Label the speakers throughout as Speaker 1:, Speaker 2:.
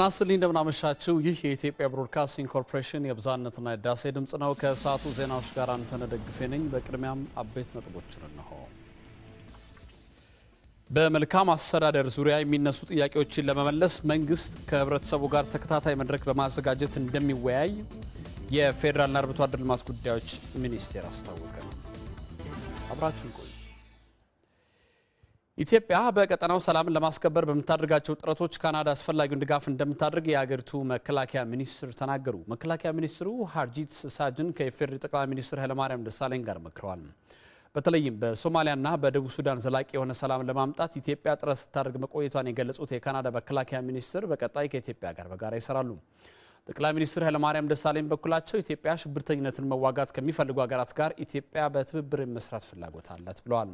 Speaker 1: ጤና ይስጥልኝ እንደምናመሻችው ይህ የኢትዮጵያ ብሮድካስቲንግ ኮርፖሬሽን የብዛነትና የዳሴ ድምፅ ነው። ከሰዓቱ ዜናዎች ጋር አንተነህ ደግፌ ነኝ። በቅድሚያም አበይት ነጥቦችን እንሆ። በመልካም አስተዳደር ዙሪያ የሚነሱ ጥያቄዎችን ለመመለስ መንግስት ከህብረተሰቡ ጋር ተከታታይ መድረክ በማዘጋጀት እንደሚወያይ የፌዴራልና አርብቶ አደር ልማት ጉዳዮች ሚኒስቴር አስታወቀ። አብራችሁን ቆዩ። ኢትዮጵያ በቀጠናው ሰላምን ለማስከበር በምታደርጋቸው ጥረቶች ካናዳ አስፈላጊውን ድጋፍ እንደምታደርግ የአገሪቱ መከላከያ ሚኒስትር ተናገሩ። መከላከያ ሚኒስትሩ ሀርጂት ሳጅን ከኢፌዴሪ ጠቅላይ ሚኒስትር ኃይለማርያም ደሳለኝ ጋር መክረዋል። በተለይም በሶማሊያና በደቡብ ሱዳን ዘላቂ የሆነ ሰላም ለማምጣት ኢትዮጵያ ጥረት ስታደርግ መቆየቷን የገለጹት የካናዳ መከላከያ ሚኒስትር በቀጣይ ከኢትዮጵያ ጋር በጋራ ይሰራሉ። ጠቅላይ ሚኒስትር ኃይለማርያም ደሳለኝ በኩላቸው ኢትዮጵያ ሽብርተኝነትን መዋጋት ከሚፈልጉ ሀገራት ጋር ኢትዮጵያ በትብብር መስራት ፍላጎት አላት ብለዋል።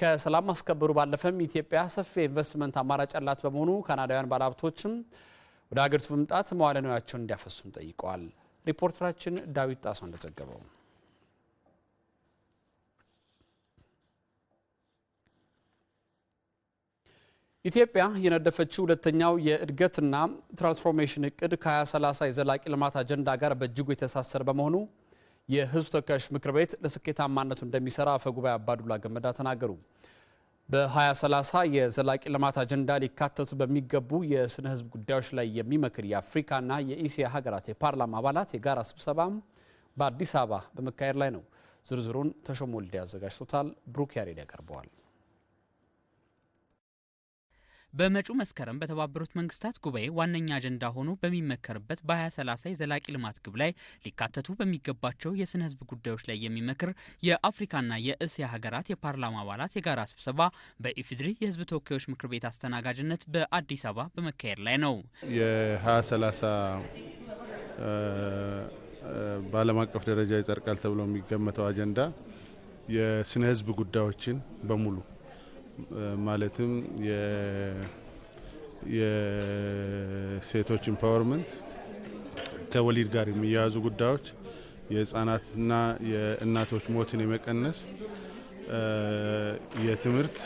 Speaker 1: ከሰላም ማስከበሩ ባለፈም ኢትዮጵያ ሰፊ የኢንቨስትመንት አማራጭ ያላት በመሆኑ ካናዳውያን ባለሀብቶችም ወደ ሀገሪቱ መምጣት መዋለ ንዋያቸውን እንዲያፈሱም ጠይቀዋል። ሪፖርተራችን ዳዊት ጣሶ እንደዘገበው ኢትዮጵያ የነደፈችው ሁለተኛው የእድገትና ትራንስፎርሜሽን እቅድ ከ2030 የዘላቂ ልማት አጀንዳ ጋር በእጅጉ የተሳሰረ በመሆኑ የህዝብ ተወካዮች ምክር ቤት ለስኬታማነቱ እንደሚሰራ አፈ ጉባኤ አባዱላ ገመዳ ተናገሩ። በ2030 የዘላቂ ልማት አጀንዳ ሊካተቱ በሚገቡ የስነ ህዝብ ጉዳዮች ላይ የሚመክር የአፍሪካና የኢሲያ ሀገራት የፓርላማ አባላት የጋራ ስብሰባም በአዲስ አበባ በመካሄድ ላይ ነው። ዝርዝሩን ተሾሞ ወልዴ አዘጋጅቶታል። ብሩክ ያሬድ ያቀርበዋል። በመጪው መስከረም በተባበሩት መንግስታት ጉባኤ ዋነኛ አጀንዳ ሆኖ በሚመከርበት በ2030 የዘላቂ ልማት ግብ ላይ ሊካተቱ በሚገባቸው የስነ ህዝብ ጉዳዮች ላይ የሚመክር የአፍሪካና የእስያ ሀገራት የፓርላማ አባላት የጋራ ስብሰባ በኢፌዴሪ የህዝብ ተወካዮች ምክር ቤት አስተናጋጅነት በአዲስ አበባ በመካሄድ ላይ ነው።
Speaker 2: የ2030 በዓለም አቀፍ ደረጃ ይጸድቃል ተብሎ የሚገመተው አጀንዳ የስነ ህዝብ ጉዳዮችን በሙሉ ማለትም የሴቶች ኢምፓወርመንት፣ ከወሊድ ጋር የሚያያዙ ጉዳዮች፣ የህጻናትና የእናቶች ሞትን የመቀነስ የትምህርት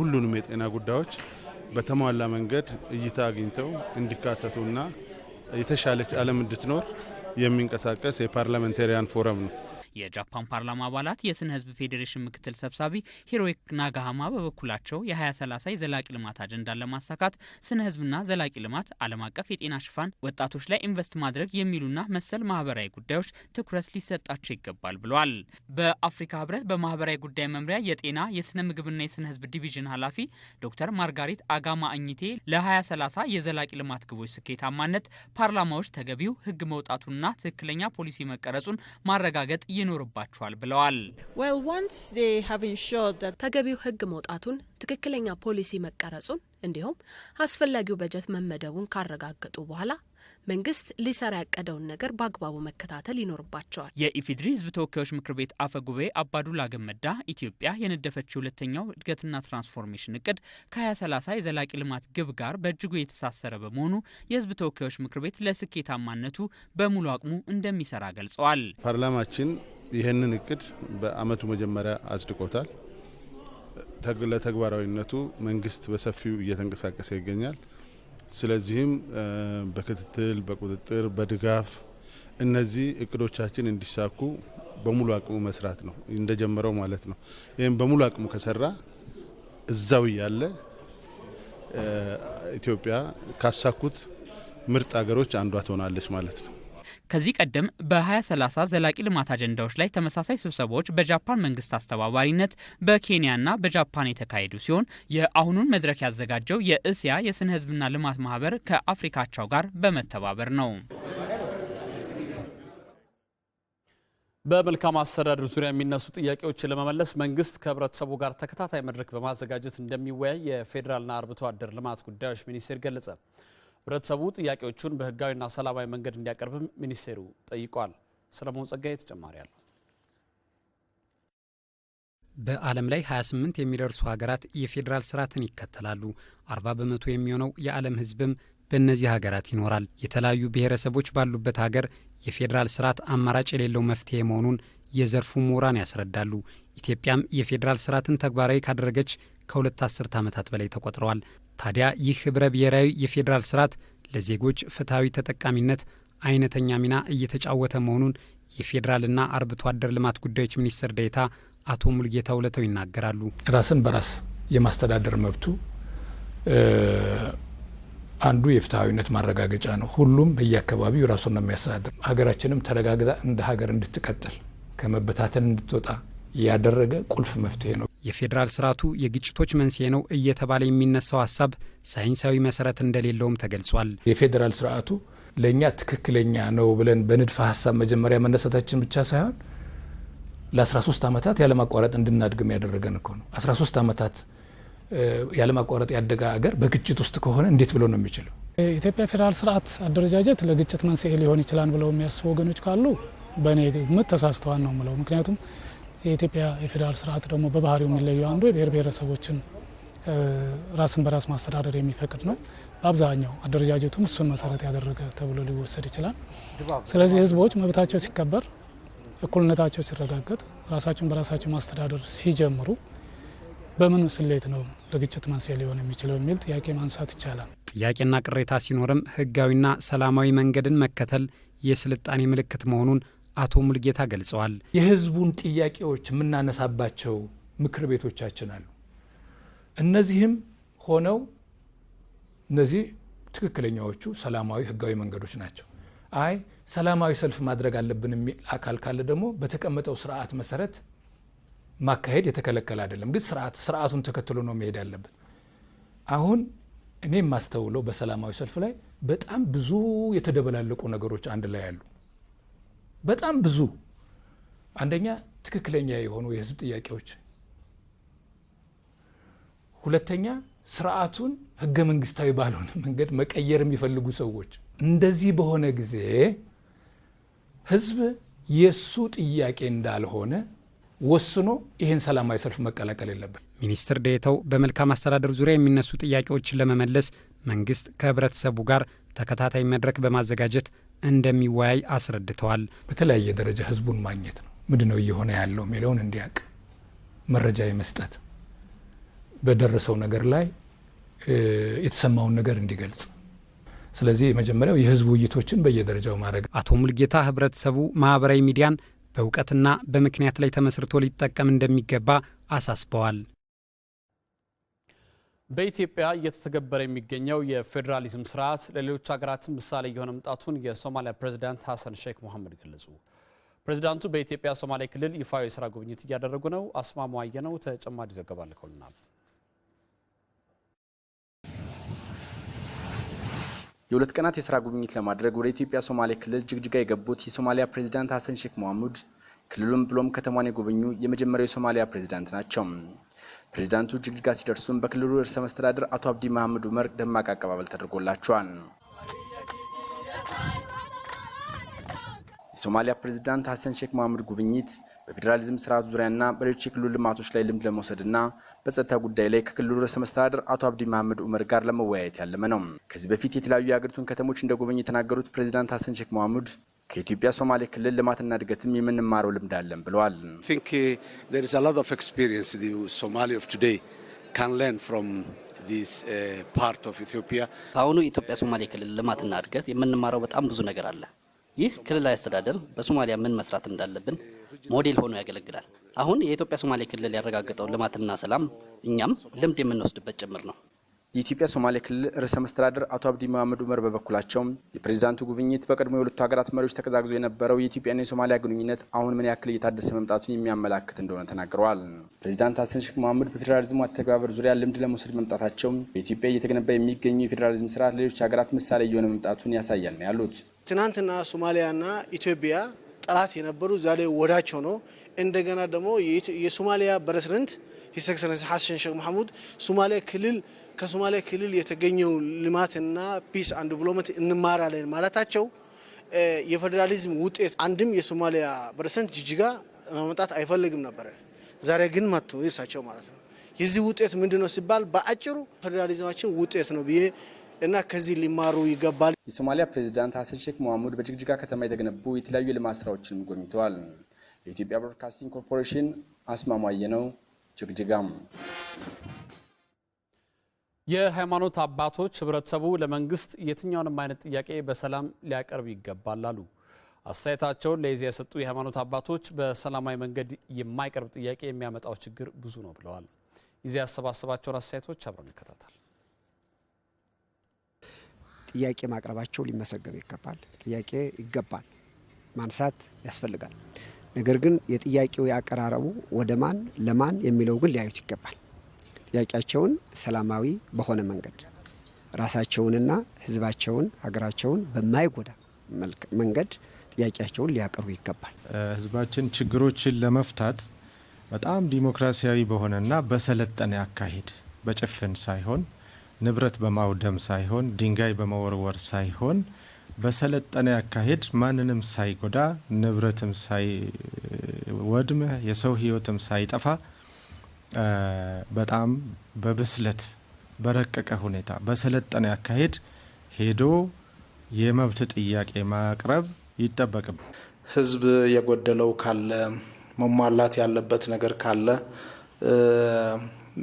Speaker 2: ሁሉንም የጤና ጉዳዮች በተሟላ መንገድ እይታ አግኝተው እንዲካተቱና የተሻለች ዓለም እንድትኖር የሚንቀሳቀስ የፓርላሜንታሪያን ፎረም ነው።
Speaker 1: የጃፓን ፓርላማ አባላት የስነ ህዝብ ፌዴሬሽን ምክትል ሰብሳቢ ሂሮክ ናጋሃማ በበኩላቸው የ2030 የዘላቂ ልማት አጀንዳን ለማሳካት ስነ ህዝብና ዘላቂ ልማት፣ ዓለም አቀፍ የጤና ሽፋን፣ ወጣቶች ላይ ኢንቨስት ማድረግ የሚሉና መሰል ማህበራዊ ጉዳዮች ትኩረት ሊሰጣቸው ይገባል ብለዋል። በአፍሪካ ህብረት በማህበራዊ ጉዳይ መምሪያ የጤና የስነ ምግብና የስነ ህዝብ ዲቪዥን ኃላፊ ዶክተር ማርጋሪት አጋማ አኝቴ ለ2030 የዘላቂ ልማት ግቦች ስኬታማነት ፓርላማዎች ተገቢው ህግ መውጣቱና ትክክለኛ ፖሊሲ መቀረጹን ማረጋገጥ ይ ይኖርባቸዋል ብለዋል።
Speaker 3: ተገቢው ህግ መውጣቱን ትክክለኛ ፖሊሲ መቀረጹን እንዲሁም አስፈላጊው በጀት መመደቡን ካረጋገጡ በኋላ መንግስት ሊሰራ ያቀደውን ነገር በአግባቡ መከታተል ይኖርባቸዋል።
Speaker 1: የኢፌዴሪ ህዝብ ተወካዮች ምክር ቤት አፈ ጉባኤ አባዱላ ገመዳ ኢትዮጵያ የነደፈችው ሁለተኛው እድገትና ትራንስፎርሜሽን እቅድ ከ2030 የዘላቂ ልማት ግብ ጋር በእጅጉ የተሳሰረ በመሆኑ የህዝብ ተወካዮች ምክር ቤት ለስኬታማነቱ በሙሉ አቅሙ እንደሚሰራ ገልጸዋል።
Speaker 2: ፓርላማችን ይህንን እቅድ በአመቱ መጀመሪያ አጽድቆታል። ለተግባራዊነቱ መንግስት በሰፊው እየተንቀሳቀሰ ይገኛል። ስለዚህም በክትትል፣ በቁጥጥር፣ በድጋፍ እነዚህ እቅዶቻችን እንዲሳኩ በሙሉ አቅሙ መስራት ነው እንደጀመረው ማለት ነው። ይህም በሙሉ አቅሙ ከሰራ እዛው እያለ ኢትዮጵያ ካሳኩት ምርጥ ሀገሮች አንዷ ትሆናለች ማለት ነው።
Speaker 1: ከዚህ ቀደም በ2030 ዘላቂ ልማት አጀንዳዎች ላይ ተመሳሳይ ስብሰባዎች በጃፓን መንግስት አስተባባሪነት በኬንያና በጃፓን የተካሄዱ ሲሆን የአሁኑን መድረክ ያዘጋጀው የእስያ የስነ ህዝብና ልማት ማህበር ከአፍሪካቸው ጋር በመተባበር ነው። በመልካም አስተዳደር ዙሪያ የሚነሱ ጥያቄዎችን ለመመለስ መንግስት ከህብረተሰቡ ጋር ተከታታይ መድረክ በማዘጋጀት እንደሚወያይ የፌዴራልና አርብቶ አደር ልማት ጉዳዮች ሚኒስቴር ገለጸ። ህብረተሰቡ ጥያቄዎቹን በህጋዊና ሰላማዊ መንገድ እንዲያቀርብም ሚኒስቴሩ ጠይቋል። ሰለሞን ጸጋዬ ተጨማሪ አለው። በዓለም ላይ 28 የሚደርሱ ሀገራት የፌዴራል ስርዓትን ይከተላሉ። 40 በመቶ የሚሆነው የዓለም ህዝብም በእነዚህ ሀገራት ይኖራል። የተለያዩ ብሔረሰቦች ባሉበት ሀገር የፌዴራል ስርዓት አማራጭ የሌለው መፍትሄ መሆኑን የዘርፉ ምሁራን ያስረዳሉ። ኢትዮጵያም የፌዴራል ስርዓትን ተግባራዊ ካደረገች ከሁለት አስርት ዓመታት በላይ ተቆጥረዋል። ታዲያ ይህ ህብረ ብሔራዊ የፌዴራል ስርዓት ለዜጎች ፍትሐዊ ተጠቃሚነት አይነተኛ ሚና እየተጫወተ መሆኑን የፌዴራልና አርብቶ አደር ልማት ጉዳዮች ሚኒስትር ዴኤታ አቶ ሙልጌታ ውለተው ይናገራሉ።
Speaker 4: ራስን በራስ የማስተዳደር መብቱ አንዱ የፍትሐዊነት ማረጋገጫ ነው። ሁሉም በየአካባቢው ራሱን ነው የሚያስተዳድር። ሀገራችንም ተረጋግጣ እንደ ሀገር እንድትቀጥል ከመበታተን እንድትወጣ ያደረገ ቁልፍ መፍትሄ ነው።
Speaker 1: የፌዴራል ስርዓቱ የግጭቶች መንስኤ ነው እየተባለ የሚነሳው ሀሳብ ሳይንሳዊ መሰረት እንደሌለውም ተገልጿል።
Speaker 4: የፌዴራል ስርዓቱ ለእኛ ትክክለኛ ነው ብለን በንድፈ ሀሳብ መጀመሪያ መነሳታችን ብቻ ሳይሆን ለ13 ዓመታት ያለማቋረጥ እንድናድግም ያደረገን እኮ ነው። 13 ዓመታት ያለማቋረጥ ያደገ አገር በግጭት ውስጥ ከሆነ እንዴት ብሎ ነው የሚችለው?
Speaker 5: የኢትዮጵያ ፌዴራል ስርዓት አደረጃጀት ለግጭት መንስኤ ሊሆን ይችላል ብለው የሚያስቡ ወገኖች ካሉ በእኔ ግምት ተሳስተዋል ነው ምለው ምክንያቱም የኢትዮጵያ የፌዴራል ስርዓት ደግሞ በባህሪው የሚለየው አንዱ የብሔር ብሔረሰቦችን ራስን በራስ ማስተዳደር የሚፈቅድ ነው። በአብዛኛው አደረጃጀቱም እሱን መሰረት ያደረገ ተብሎ ሊወሰድ ይችላል። ስለዚህ ህዝቦች መብታቸው ሲከበር፣ እኩልነታቸው ሲረጋገጥ፣ ራሳቸውን በራሳቸው ማስተዳደር ሲጀምሩ በምን ስሌት ነው ለግጭት መንስኤ ሊሆን የሚችለው የሚል ጥያቄ ማንሳት ይቻላል።
Speaker 1: ጥያቄና ቅሬታ ሲኖርም ህጋዊና ሰላማዊ መንገድን መከተል የስልጣኔ ምልክት መሆኑን አቶ ሙልጌታ ገልጸዋል።
Speaker 4: የህዝቡን ጥያቄዎች የምናነሳባቸው ምክር ቤቶቻችን አሉ። እነዚህም ሆነው እነዚህ ትክክለኛዎቹ ሰላማዊ ህጋዊ መንገዶች ናቸው። አይ ሰላማዊ ሰልፍ ማድረግ አለብን የሚል አካል ካለ ደግሞ በተቀመጠው ስርዓት መሰረት ማካሄድ የተከለከለ አይደለም፣ ግን ስርዓቱን ተከትሎ ነው መሄድ ያለብን። አሁን እኔ የማስተውለው በሰላማዊ ሰልፍ ላይ በጣም ብዙ የተደበላለቁ ነገሮች አንድ ላይ አሉ። በጣም ብዙ አንደኛ ትክክለኛ የሆኑ የህዝብ ጥያቄዎች፣ ሁለተኛ ስርዓቱን ህገ መንግስታዊ ባልሆነ መንገድ መቀየር የሚፈልጉ ሰዎች። እንደዚህ በሆነ ጊዜ ህዝብ የእሱ ጥያቄ እንዳልሆነ ወስኖ ይህን ሰላማዊ ሰልፍ መቀላቀል የለበት።
Speaker 1: ሚኒስትር ዴኤታው በመልካም አስተዳደር ዙሪያ የሚነሱ ጥያቄዎችን ለመመለስ መንግስት ከህብረተሰቡ ጋር ተከታታይ መድረክ በማዘጋጀት እንደሚወያይ አስረድተዋል።
Speaker 4: በተለያየ ደረጃ ህዝቡን ማግኘት ነው። ምንድን ነው እየሆነ ያለው የሚለውን እንዲያውቅ መረጃ የመስጠት በደረሰው ነገር ላይ የተሰማውን ነገር እንዲገልጽ ስለዚህ የመጀመሪያው የህዝብ ውይይቶችን በየደረጃው ማድረግ።
Speaker 1: አቶ ሙልጌታ ህብረተሰቡ ማህበራዊ ሚዲያን በእውቀትና በምክንያት ላይ ተመስርቶ ሊጠቀም እንደሚገባ አሳስበዋል። በኢትዮጵያ እየተተገበረ የሚገኘው የፌዴራሊዝም ስርዓት ለሌሎች ሀገራትም ምሳሌ እየሆነ መምጣቱን የሶማሊያ ፕሬዚዳንት ሀሰን ሼክ መሐመድ ገለጹ። ፕሬዚዳንቱ በኢትዮጵያ ሶማሌ ክልል ይፋዊ የስራ ጉብኝት እያደረጉ ነው። አስማማ አየነው ተጨማሪ ዘገባ የሁለት ቀናት የስራ ጉብኝት ለማድረግ ወደ ኢትዮጵያ ሶማሌ ክልል ጅግጅጋ የገቡት የሶማሊያ ፕሬዚዳንት ሀሰን ሼክ መሐሙድ ክልሉን ብሎም ከተማን የጎበኙ የመጀመሪያው የሶማሊያ ፕሬዚዳንት ናቸው። ፕሬዚዳንቱ ጅግጅጋ ሲደርሱም በክልሉ ርዕሰ መስተዳድር አቶ አብዲ መሐመድ ዑመር ደማቅ አቀባበል ተደርጎላቸዋል። የሶማሊያ ፕሬዚዳንት ሐሰን ሼክ መሐመድ ጉብኝት በፌዴራሊዝም ስርዓት ዙሪያና በሌሎች የክልሉ ልማቶች ላይ ልምድ ለመውሰድና በጸጥታ ጉዳይ ላይ ከክልሉ ርዕሰ መስተዳድር አቶ አብዲ መሐመድ ዑመር ጋር ለመወያየት ያለመ ነው። ከዚህ በፊት የተለያዩ የሀገሪቱን ከተሞች እንደጎበኙ የተናገሩት ፕሬዚዳንት ሐሰን ሼክ መሐመድ ከኢትዮጵያ ሶማሌ ክልል ልማትና እድገትም የምንማረው ልምድ አለን ብለዋል።
Speaker 6: uh, uh,
Speaker 7: በአሁኑ የኢትዮጵያ ሶማሌ ክልል ልማትና እድገት የምንማረው በጣም ብዙ ነገር አለ። ይህ ክልላዊ አስተዳደር በሶማሊያ ምን መስራት እንዳለብን ሞዴል ሆኖ ያገለግላል። አሁን የኢትዮጵያ ሶማሌ ክልል ያረጋገጠው ልማትና ሰላም እኛም ልምድ የምንወስድበት ጭምር ነው።
Speaker 1: የኢትዮጵያ ሶማሌ ክልል ርዕሰ መስተዳደር አቶ አብዲ መሐመድ ኡመር በበኩላቸው የፕሬዚዳንቱ ጉብኝት በቀድሞ የሁለቱ ሀገራት መሪዎች ተቀዛቅዞ የነበረው የኢትዮጵያና የሶማሊያ ግንኙነት አሁን ምን ያክል እየታደሰ መምጣቱን የሚያመላክት እንደሆነ ተናግረዋል። ፕሬዚዳንት ሀሰን ሼክ መሐመድ በፌዴራሊዝሙ አተገባበር ዙሪያ ልምድ ለመውሰድ መምጣታቸው በኢትዮጵያ እየተገነባ የሚገኘው የፌዴራሊዝም ስርዓት ሌሎች ሀገራት ምሳሌ እየሆነ መምጣቱን ያሳያል ነው ያሉት።
Speaker 8: ትናንትና ሶማሊያና ኢትዮጵያ ጠላት የነበሩ ዛሬ ወዳቸው ነው። እንደገና ደግሞ የሶማሊያ ፕሬዚደንት ሂስ ኤክሰለንስ ሐሰን ሼክ መሐሙድ ሶማሌ ክልል ከሶማሌ ክልል የተገኘው ልማትና ፒስ አንድ ዲቨሎፕመንት እንማራለን ማለታቸው የፌዴራሊዝም ውጤት አንድም የሶማሊያ ፐርሰንት ጅጅጋ ለመምጣት አይፈልግም ነበረ። ዛሬ ግን መጥቶ እሳቸው ማለት ነው። የዚህ ውጤት ምንድን ነው ሲባል በአጭሩ ፌዴራሊዝማችን ውጤት ነው ብዬ እና ከዚህ ሊማሩ ይገባል።
Speaker 1: የሶማሊያ ፕሬዚዳንት ሐሰን ሼክ መሐሙድ በጅግጅጋ ከተማ የተገነቡ የተለያዩ የልማት ስራዎችን ጎብኝተዋል። የኢትዮጵያ ብሮድካስቲንግ ኮርፖሬሽን አስማማየ ነው። ጅግጅጋም የሃይማኖት አባቶች ህብረተሰቡ ለመንግስት የትኛውንም አይነት ጥያቄ በሰላም ሊያቀርብ ይገባል አሉ። አስተያየታቸውን ለኢዜአ የሰጡ የሃይማኖት አባቶች በሰላማዊ መንገድ የማይቀርብ ጥያቄ የሚያመጣው ችግር ብዙ ነው ብለዋል። ኢዜአ ያሰባሰባቸውን አስተያየቶች አብረን እንከታተል።
Speaker 9: ጥያቄ ማቅረባቸው ሊመሰገኑ ይገባል። ጥያቄ ይገባል፣ ማንሳት ያስፈልጋል። ነገር ግን የጥያቄው ያቀራረቡ ወደ ማን ለማን የሚለው ግን ሊያዩት ይገባል። ጥያቄያቸውን ሰላማዊ በሆነ መንገድ ራሳቸውንና ህዝባቸውን ሀገራቸውን በማይጎዳ መንገድ ጥያቄያቸውን ሊያቀርቡ ይገባል።
Speaker 10: ህዝባችን ችግሮችን ለመፍታት በጣም ዲሞክራሲያዊ በሆነና በሰለጠነ አካሄድ በጭፍን ሳይሆን ንብረት በማውደም ሳይሆን ድንጋይ በመወርወር ሳይሆን በሰለጠነ አካሄድ ማንንም ሳይጎዳ ንብረትም ሳይወድም የሰው ህይወትም ሳይጠፋ በጣም በብስለት በረቀቀ ሁኔታ በሰለጠነ አካሄድ ሄዶ የመብት ጥያቄ ማቅረብ ይጠበቅም።
Speaker 11: ህዝብ የጎደለው ካለ መሟላት ያለበት ነገር ካለ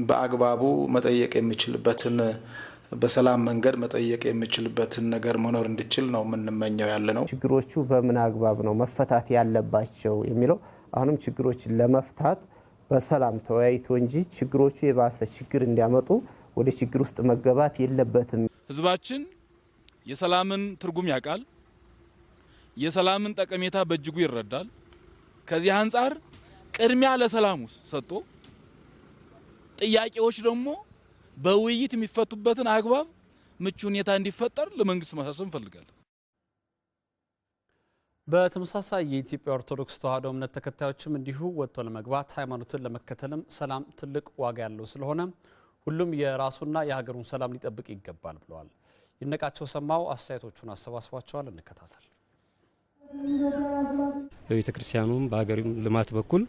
Speaker 11: በአግባቡ መጠየቅ የሚችልበትን በሰላም መንገድ መጠየቅ የምችልበትን ነገር መኖር እንድችል ነው የምንመኘው ያለ ነው።
Speaker 12: ችግሮቹ በምን አግባብ ነው መፈታት ያለባቸው የሚለው አሁንም ችግሮችን ለመፍታት በሰላም ተወያይቶ እንጂ ችግሮቹ የባሰ ችግር እንዲያመጡ ወደ ችግር ውስጥ መገባት የለበትም።
Speaker 13: ህዝባችን የሰላምን ትርጉም ያውቃል። የሰላምን ጠቀሜታ በእጅጉ ይረዳል። ከዚህ አንጻር ቅድሚያ ለሰላሙ ሰጥቶ ጥያቄዎች ደግሞ በውይይት የሚፈቱበትን አግባብ ምቹ ሁኔታ እንዲፈጠር ለመንግስት ማሳሰብ እንፈልጋለን።
Speaker 1: በተመሳሳይ የኢትዮጵያ ኦርቶዶክስ ተዋሕዶ እምነት ተከታዮችም እንዲሁ ወጥቶ ለመግባት ሃይማኖትን ለመከተልም ሰላም ትልቅ ዋጋ ያለው ስለሆነ ሁሉም የራሱና የሀገሩን ሰላም ሊጠብቅ ይገባል ብለዋል። ይነቃቸው ሰማው አስተያየቶቹን አሰባስቧቸዋል። እንከታተል።
Speaker 14: በቤተ ክርስቲያኑም በሀገሪም ልማት በኩል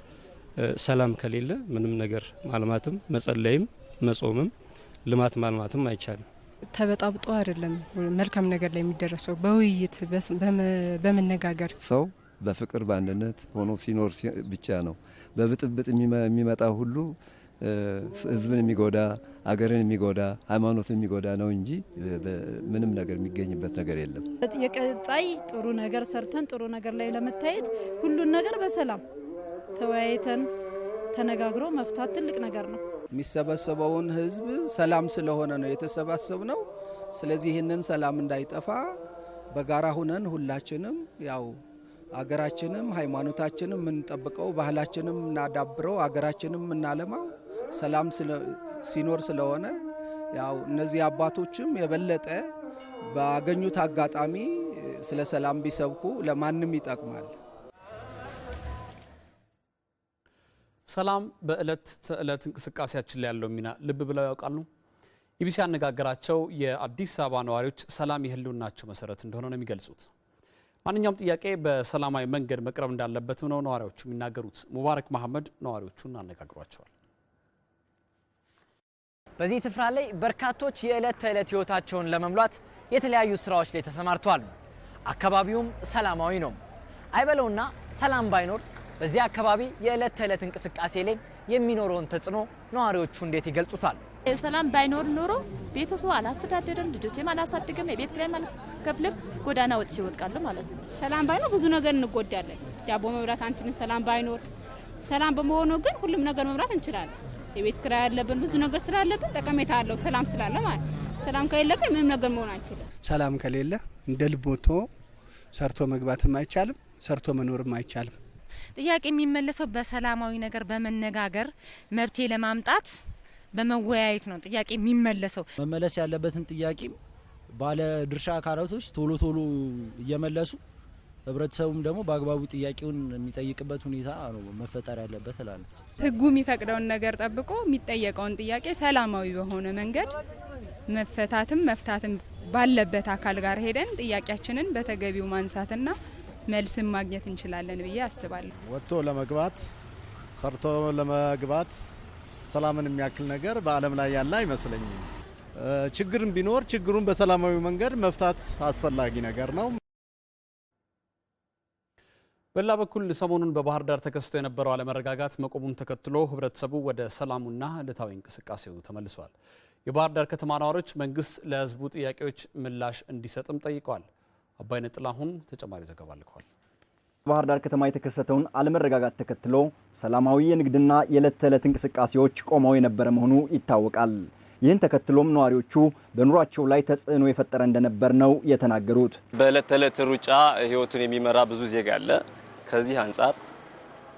Speaker 14: ሰላም ከሌለ ምንም ነገር ማልማትም መጸለይም መጾምም ልማት ማልማትም አይቻልም።
Speaker 15: ተበጣብጦ አይደለም መልካም ነገር ላይ የሚደረሰው በውይይት በመነጋገር
Speaker 16: ሰው በፍቅር በአንድነት ሆኖ ሲኖር ብቻ ነው። በብጥብጥ የሚመጣ ሁሉ ህዝብን የሚጎዳ አገርን የሚጎዳ ሃይማኖትን የሚጎዳ ነው እንጂ ምንም ነገር የሚገኝበት ነገር የለም።
Speaker 17: የቀጣይ ጥሩ ነገር ሰርተን ጥሩ ነገር ላይ ለመታየት ሁሉን ነገር በሰላም ተወያይተን ተነጋግሮ መፍታት ትልቅ ነገር ነው።
Speaker 18: የሚሰበሰበውን ህዝብ ሰላም ስለሆነ ነው የተሰባሰብ ነው። ስለዚህ ይህንን ሰላም እንዳይጠፋ በጋራ ሁነን ሁላችንም ያው አገራችንም ሃይማኖታችንም የምንጠብቀው ባህላችንም እናዳብረው አገራችንም እናለማው ሰላም ሲኖር ስለሆነ ያው እነዚህ አባቶችም የበለጠ ባገኙት አጋጣሚ ስለ ሰላም ቢሰብኩ ለማንም ይጠቅማል።
Speaker 1: ሰላም በዕለት ተዕለት እንቅስቃሴያችን ላይ ያለው ሚና ልብ ብለው ያውቃሉ? ኢቢሲ ያነጋገራቸው የአዲስ አበባ ነዋሪዎች ሰላም የህልውናቸው መሰረት እንደሆነ ነው የሚገልጹት። ማንኛውም ጥያቄ በሰላማዊ መንገድ መቅረብ እንዳለበትም ነው ነዋሪዎቹ የሚናገሩት። ሙባረክ መሐመድ ነዋሪዎቹን አነጋግሯቸዋል። በዚህ ስፍራ ላይ በርካቶች የዕለት ተዕለት ህይወታቸውን ለመምሏት የተለያዩ ስራዎች ላይ ተሰማርተዋል። አካባቢውም ሰላማዊ ነው። አይበለውና ሰላም ባይኖር በዚህ አካባቢ የዕለት ተዕለት እንቅስቃሴ ላይ የሚኖረውን ተጽዕኖ ነዋሪዎቹ እንዴት ይገልጹታል?
Speaker 19: ሰላም ባይኖር ኖሮ ቤተሰቡ አላስተዳደርም፣ ልጆቼም አላሳድግም፣ የቤት ኪራይም አልከፍልም፣ ጎዳና ወጥቼ ይወድቃሉ ማለት ነው።
Speaker 20: ሰላም ባይኖር ብዙ ነገር እንጎዳለን። ዳቦ መብላት አንችልም፣ ሰላም ባይኖር። ሰላም በመሆኑ ግን ሁሉም ነገር መብላት እንችላለን። የቤት ኪራይ ያለብን ብዙ ነገር ስላለብን ጠቀሜታ አለው ሰላም ስላለ ማለት። ሰላም ከሌለ ግን ምንም ነገር መሆን አንችልም።
Speaker 21: ሰላም ከሌለ እንደ ልቦቶ ሰርቶ መግባትም አይቻልም፣ ሰርቶ መኖርም አይቻልም።
Speaker 22: ጥያቄ የሚመለሰው በሰላማዊ ነገር በመነጋገር መብቴ ለማምጣት በመወያየት ነው ጥያቄ የሚመለሰው።
Speaker 23: መመለስ ያለበትን ጥያቄ ባለ ድርሻ አካላቶች ቶሎ ቶሎ እየመለሱ ህብረተሰቡም ደግሞ በአግባቡ ጥያቄውን የሚጠይቅበት ሁኔታ ነው መፈጠር ያለበት እላለሁ።
Speaker 24: ህጉ የሚፈቅደውን ነገር ጠብቆ የሚጠየቀውን ጥያቄ ሰላማዊ በሆነ መንገድ መፈታትም መፍታትም ባለበት አካል ጋር ሄደን ጥያቄያችንን በተገቢው ማንሳትና መልስም ማግኘት እንችላለን ብዬ አስባለሁ።
Speaker 25: ወጥቶ ለመግባት ሰርቶ ለመግባት ሰላምን የሚያክል ነገር በዓለም ላይ ያለ አይመስለኝም። ችግርም ቢኖር ችግሩን በሰላማዊ መንገድ መፍታት አስፈላጊ ነገር ነው።
Speaker 1: በሌላ በኩል ሰሞኑን በባህር ዳር ተከስቶ የነበረው አለመረጋጋት መቆሙን ተከትሎ ህብረተሰቡ ወደ ሰላሙና ዕለታዊ እንቅስቃሴው ተመልሷል። የባህር ዳር ከተማ ነዋሪዎች መንግስት ለህዝቡ ጥያቄዎች ምላሽ እንዲሰጥም ጠይቀዋል። አባይነህ ጥላሁን ተጨማሪ ዘገባ ልከዋል። ባህር ዳር ከተማ የተከሰተውን አለመረጋጋት ተከትሎ ሰላማዊ የንግድና የዕለት ተዕለት እንቅስቃሴዎች ቆመው የነበረ መሆኑ ይታወቃል። ይህን ተከትሎም ነዋሪዎቹ በኑሯቸው ላይ ተጽዕኖ የፈጠረ እንደነበር ነው የተናገሩት።
Speaker 26: በዕለት ተዕለት ሩጫ ህይወቱን የሚመራ ብዙ ዜጋ አለ። ከዚህ አንጻር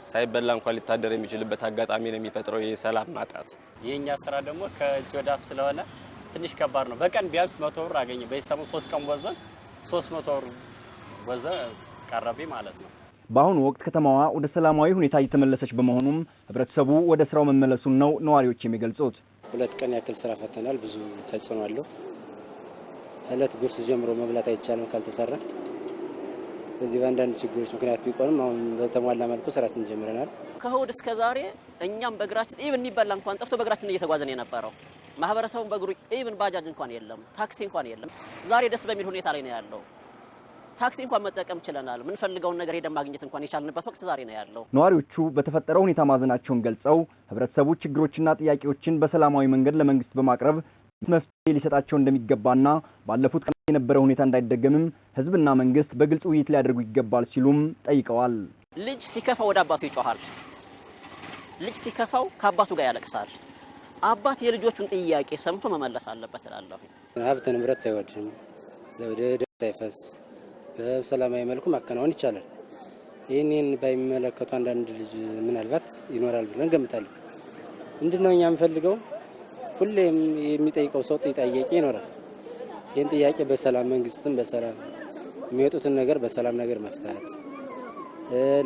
Speaker 26: ሳይበላ እንኳን ሊታደር የሚችልበት አጋጣሚ ነው የሚፈጥረው የሰላም ማጣት።
Speaker 27: የእኛ ስራ ደግሞ ከእጅ ወደ አፍ ስለሆነ ትንሽ ከባድ ነው። በቀን ቢያንስ መቶ ብር አገኘ በየሰሙ ሶስት ቀን ወዘን ሶስት መቶ ወር ማለት ነው።
Speaker 1: በአሁኑ ወቅት ከተማዋ ወደ ሰላማዊ ሁኔታ እየተመለሰች በመሆኑም ህብረተሰቡ ወደ ስራው መመለሱን ነው ነዋሪዎች የሚገልጹት።
Speaker 28: ሁለት ቀን ያክል ስራ ፈተናል። ብዙ ተጽዕኖ አለው። እለት ጉርስ ጀምሮ መብላት አይቻልም ካልተሰራ። በዚህ በአንዳንድ ችግሮች ምክንያት ቢቆንም አሁን በተሟላ መልኩ ስራችን ጀምረናል።
Speaker 29: ከእሁድ እስከ ዛሬ እኛም በእግራችን ይህ ብንበላ እንኳን ጠፍቶ በእግራችን እየተጓዘን የነበረው ማህበረሰቡን በእግሩ ኢቭን ባጃጅ እንኳን የለም፣ ታክሲ እንኳን የለም። ዛሬ ደስ በሚል ሁኔታ ላይ ነው ያለው። ታክሲ እንኳን መጠቀም ችለናል። የምንፈልገውን ነገር ሄደን ማግኘት እንኳን የቻልንበት ወቅት ዛሬ ነው ያለው።
Speaker 1: ነዋሪዎቹ በተፈጠረው ሁኔታ ማዘናቸውን ገልጸው ህብረተሰቡ ችግሮችና ጥያቄዎችን በሰላማዊ መንገድ ለመንግስት በማቅረብ መፍትሄ ሊሰጣቸው እንደሚገባና ባለፉት ቀናት የነበረ ሁኔታ እንዳይደገምም ህዝብና መንግስት በግልጽ ውይይት ሊያደርጉ ይገባል ሲሉም ጠይቀዋል።
Speaker 30: ልጅ ሲከፋው ወደ አባቱ ይጮሃል። ልጅ ሲከፋው ከአባቱ ጋር ያለቅሳል። አባት የልጆቹን ጥያቄ ሰምቶ መመለስ አለበት እላለሁ።
Speaker 31: ሀብት ንብረት ሳይወድም ወደ ሳይፈስ በሰላማዊ መልኩ ማከናወን ይቻላል። ይህንን ባይመለከቱ አንዳንድ ልጅ ምናልባት ይኖራል ብለን ገምታለን። ምንድነው እኛ የምፈልገው ሁሌም የሚጠይቀው ሰው ጥያቄ ይኖራል። ይህን ጥያቄ በሰላም መንግስትም በሰላም የሚወጡትን ነገር በሰላም ነገር መፍታት፣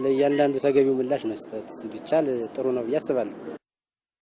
Speaker 31: ለእያንዳንዱ ተገቢው ምላሽ መስጠት ቢቻል ጥሩ ነው ብዬ አስባለሁ።